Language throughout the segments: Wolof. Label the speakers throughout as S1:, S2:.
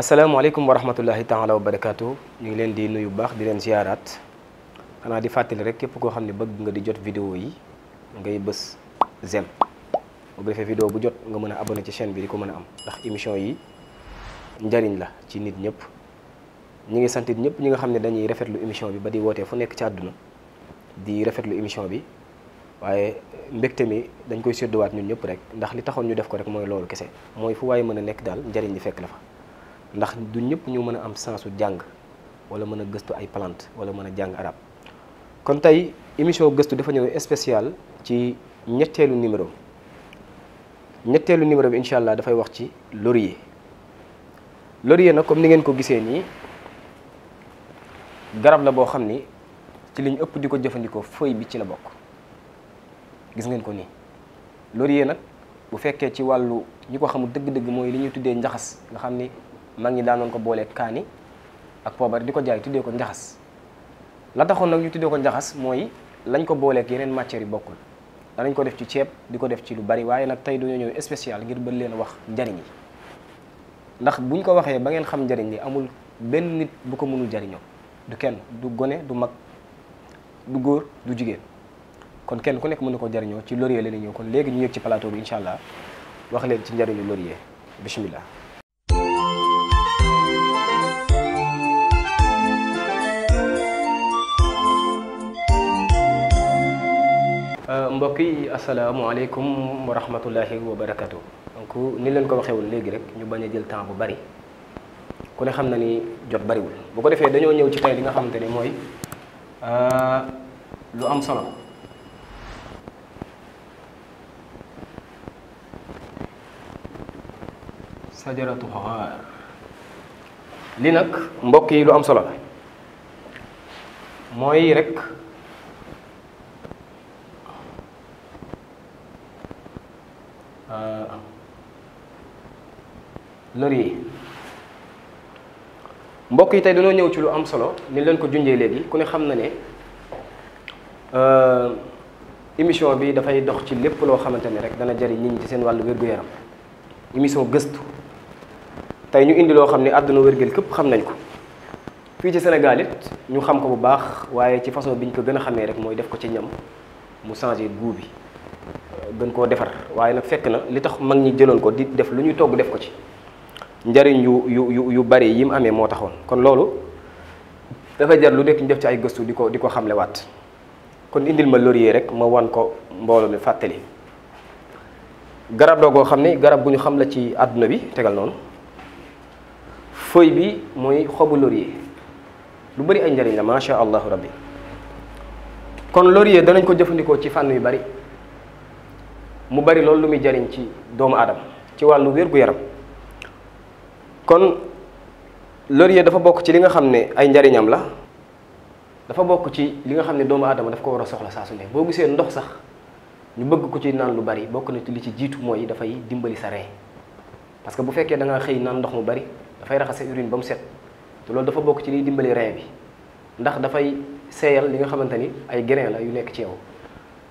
S1: asalaamaaleykum wa rahmatullahi taala wa barakaatu ñu ngi leen di nuyu baax di leen ziaraat xanaa di fàttali rek képp koo xam ne bëgg nga di jot vidéo yi ngay bës zem bu bu jot nga mën a abonné ci chaîne bi di ko mën a am ndax émission yi njariñ la ci nit ñëpp ñu ngi sant ñëpp ñi nga xam ne dañuy rafetlu émission bi ba di wootee fu nekk ci àdduna di rafetlu émission bi waaye mbégte mi dañ koy sédduwaat ñun ñëpp rek ndax li taxoon ñu def ko rek mooy loolu kese mooy fu waaye mën a nekk daal njariñ li fekk la fa ndax du ñëpp ñu mën a am sensu jàng wala mën a gëstu ay plante wala mën a jàng arab kon tey émission gëstu dafa ñëw spécial ci ñetteelu numéro ñetteelu numéro bi incha allah dafay wax ci laurier laurier nag comme ni ngeen ko gisee nii garab la boo xam ni ci liñ ëpp di ko jëfandikoo feuille bi ci la bokk gis ngeen ko nii laurier nag bu fekkee ci wàllu ñi ko xamul dëgg-dëgg mooy li ñuy tuddee njaxas nga xam ni mag ñi daan daanoon ko boolee kaani ak poobar di ko jaay tuddee ko njaxas la taxoon nag ñu tuddee ko njaxas mooy lañ ko booleek yeneen matières yi bokkul danañ ko def ci ceeb di ko def ci lu bari waaye nag tey dañoo ñëw spécial ngir ba leen wax njariñ yi ndax buñ ko waxee ba ngeen xam njariñ li amul benn nit bu ko mënul jariñoo du kenn du gone du mag du góor du jigéen kon kenn ku nekk mën na ko jariñoo ci laurier la ñëw kon léegi ñu yëg ci plateau bi allah wax leen ci njariñu laurier bismillah mbokk yi asalaamaaleykum wa rahmatullahi wa donc ni leen ko waxee woon léegi rek ñu bañ a jël temps bu bari ku ne xam na ni jot bariwul bu ko defee dañoo ñëw ci tey li nga xamante ni mooy euh, lu am solo sajaratu xaar nag mbokk yi lu am solo la mooy rek Euh, am ah. laurier mbokk yi tey dañoo ñëw ci lu am solo ni leen ko junjee léegi ku ne xam na ne euh, émission bi dafay dox ci lépp loo xamante ne rek dana jëriñ nit ñi ci seen wàllu wér-gu-yaram émission gëstu tey ñu indi loo xam ne àdduna wérgel këpp xam nañ ko fii ci Sénégal it ñu xam ko bu baax waaye ci façon bi ñu ko gën a xamee rek mooy def ko ci ñam mu changé goût bi gën koo defar waaye nag fekk na li tax mag ñi jëloon ko di def lu ñuy togg def ko ci njariñ yu yu yu bari yi mu amee moo taxoon kon loolu dafay jar lu nekk ñu def ci ay gëstu di ko di ko xamlewaat kon indil ma laurier rek ma wan ko mbooloo mi fàttali garab la goo xam ne garab bu ñu xam la ci àdduna bi tegal noonu feuille bi mooy xobu laurier lu bari ay njariñ la macha allahu rabbi kon laurier danañ ko jëfandikoo ci fànn yu bari mu bari loolu lu muy jariñ ci doomu aadama ci wàllu wér-gu-yaram kon laurier dafa bokk ci li nga xam ne ay njariñam la dafa bokk ci li nga xam ne doomu adama daf ko war a soxla saa su ne boo gisee ndox sax ñu bëgg ko ci naan lu bari bokk na ci li ci jiitu mooy dafay dimbali sa ree parce que bu fekkee da nga xëy naan ndox mu bari dafay raxase urine ba mu set loolu dafa bokk ci liy dimbali ree bi ndax dafay seeyal li nga xamante ni ay grain la yu nekk ci yow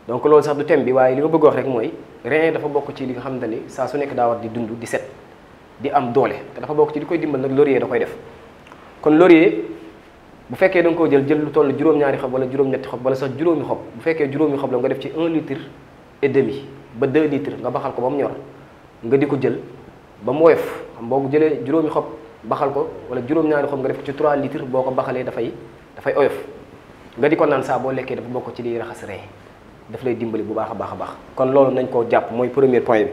S1: donc loolu sax du thème bi waaye li ma bëgg wax rek mooy rein dafa bokk ci li nga xamante ni saa su nekk daa war di dund di set di am doole te dafa bokk ci li koy dimbal nag laurier da koy def kon laurier bu fekkee da nga jël jël toll juróom-ñaari xob wala juróom-ñetti wala sax juróomi xob bu fekkee juróomi xob la nga def ci un litre et ba deux litres nga baxal ko ba mu nga di ko jël ba mu woyof xam boo ko jëlee xob baxal ko wala juróom-ñaari xob nga def ci trois litres boo ko baxalee dafay dafay oyof nga di ko naan saa boo lekkee dafa bokk ci liy raxas rey daf lay dimbali bu baax a baax a baax kon loolu nañ koo jàpp mooy premier point bi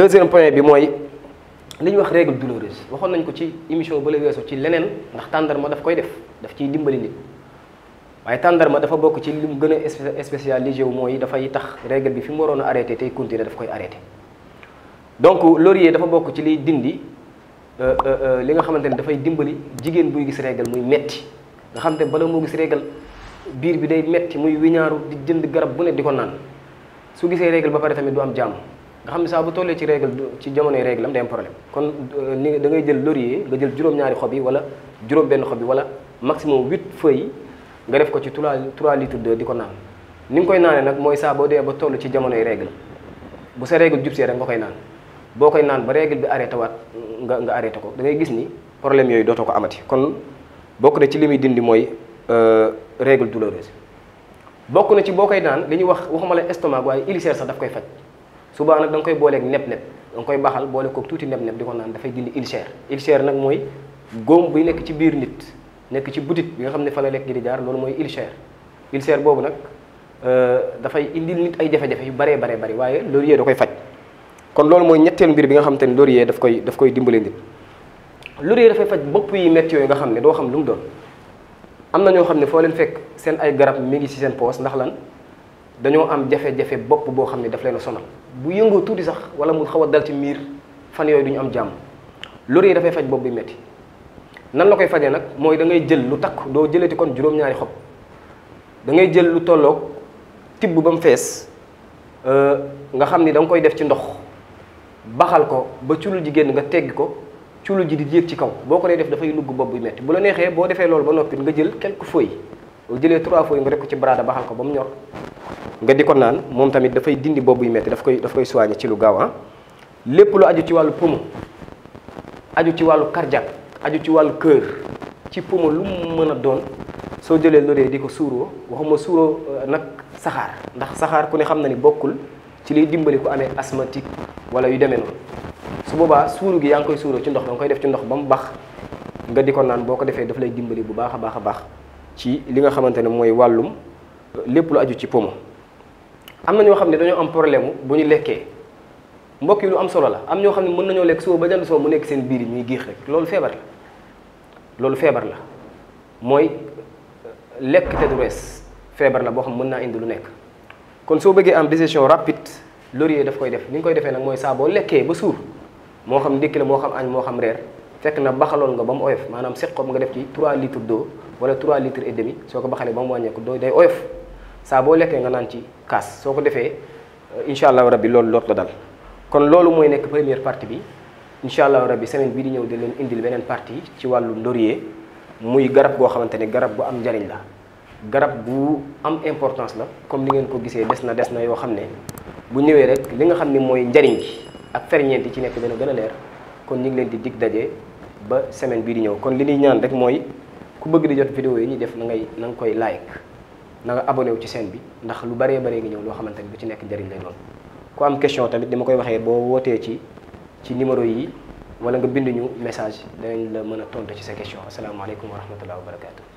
S1: deuxième point bi mooy li ñuy wax règle douloureuse waxoon nañ ko ci émission ba la weesu ci leneen ndax tàndarma daf koy def daf ciy dimbali nit waaye tàndarma dafa bokk ci li mu gën a spécialisé wu mooy dafay tax règle bi waroon arrêté tey continuer daf koy arrêté donc laurier dafa bokk ci liy dindi euh, euh, euh, li nga xamante ne dafay dimbali jigéen buy gis règle muy metti nga xam te bala moo gis règle biir bi day metti muy wiñaaru di jënd garab bu ne di ko naan su gisee règle ba pare tamit du am jàmm nga xam ne bu tollee ci règle ci jamonoy règle am problème kon euh, ni da ngay jël laurier nga jël juróom-ñaari wala juróom benn xob yi wala maximum huit feuilles nga def ko ci trois trois litres de di ko naan ni nga koy naanee nag mooy saaboo boo dee ba toll ci jamonoy règle bu sa règle jubsee rek nga koy naan boo koy naan ba règle bi arrêté waat nga nga arrêté ko da ngay gis ni problème yooyu dootoo ko amati kon bokk na ci li muy dindi mooy Euh, règle douloureuse bokk na ci boo koy daan li ñuy wax waxuma la estomac waaye ulcère sax daf koy faj subaa nag da nga koy booleeg nepp-nepp da nga koy baxal boole koog tuuti nepp-nepp di ko naan dafay dindi ulcère ulcère nag mooy góom buy nekk ci biir nit nekk ci butit bi nga xam ne fa la lekk gi di loolu mooy ulcère ulcère boobu nag euh, dafay indil nit ay jafe-jafe yu baree baree bari waaye laurier da koy faj kon loolu mooy ñetteel mbir bi nga xam te ne laurier daf koy daf koy dimbale nit laurier dafay faj bopp yi métti yooyu nga xam ne doo xam lu mu doon am na ñoo xam ne foo leen fekk seen ay garab mi ngi ci seen poos ndax lan dañoo am jafe-jafe bopp boo xam ne daf leen a sonal bu yëngoo tuuti sax wala mu xaw a dal ci miir fan yooyu du ñu am jàmm loolu yi dafay faj bopp bi métti nan la koy fajee nag mooy da ngay jël lu takk doo jëlati kon juróom-ñaari xob da ngay jël lu tollook tibb ba mu fees euh, nga xam ni danga koy def ci ndox baxal ko ba culul jigéen nga teggi ko suulu ji di ci kaw boo ko def dafay lugg bopp buy metti bu la neexee boo defee loolu ba noppi nga jël quelques feuilles boo jëlee trois feuilles nga def ko ci baraada baxal ko ba mu nga di ko naan moom tamit dafay dindi bopp buy metti daf koy daf koy soigné ci lu ah. lépp lu aju ci wàllu poumon aju ci wàllu cardiaque aju ci wàllu cœur ci poumon lu mën a doon soo jëlee lodee di ko suuroo waxuma suuroo euh, nag saxaar ndax saxaar ku ne xam na ni bokkul ci liy dimbali ku amee asthmatique wala yu demee noonu su booba suuru gi yaa ngi koy suuroo ci ndox danga koy def ci ndox ba mu bax nga di ko naan boo ko defee daf lay dimbali bu baax a baax a baax ci li nga xamante ne mooy wàllum euh, lépp lu aju ci pomo am na ñoo xam ne dañoo am problème bu ñu lekkee mbokk yi lu am solo la am ñoo xam ne mën nañoo lekk suba ba jant soo mu nekk seen biir yi ñuy géex rek loolu feebar la loolu feebar la mooy euh, lekk te du rees feebar la boo xam mën naa indi lu nekk kon soo bëggee am digestion rapide laurier daf koy def ni ñu koy defee nag mooy saa boo lekkee ba suur moo xam ndékki la moo xam añ moo xam reer fekk na baxaloon nga ba mu oyof maanaam set xob nga def ci 3 litres d'eau wala 3 litres et demi soo ko baxalee ba mu wàññeeku doo day oyof saa boo lekkee nga naan ci kaas soo ko defee euh, incha allahu bi loolu loot dal kon loolu mooy nekk première partie bi incha allahu bi semaine bii di ñëw de leen indil beneen partie ci wàllu ndóoriyee muy garab goo xamante ne garab bu am njariñ la garab bu am importance la comme ni ngeen ko gisee des na des na yoo xam ne bu ñëwee rek li xam ne mooy njariñ gi ak ferñeent yi ci nekk dana gën a leer kon ñu ngi leen di dig daje ba semaine bii di ñëw kon li ñuy ñaan rek mooy ku bëgg di jot vidéo yi ñu def na ngay na nga koy like na nga abonné wu ci seen bi ndax lu baree baree ngi ñëw loo xamante ni bu ci nekk njëriñ lay doon ku am question tamit di ma koy waxee boo wootee ci ci numéro yi wala nga bind ñu message danañ la mën a tontu ci sa question asalaamaaleykum wa rahmatullah wa barakatu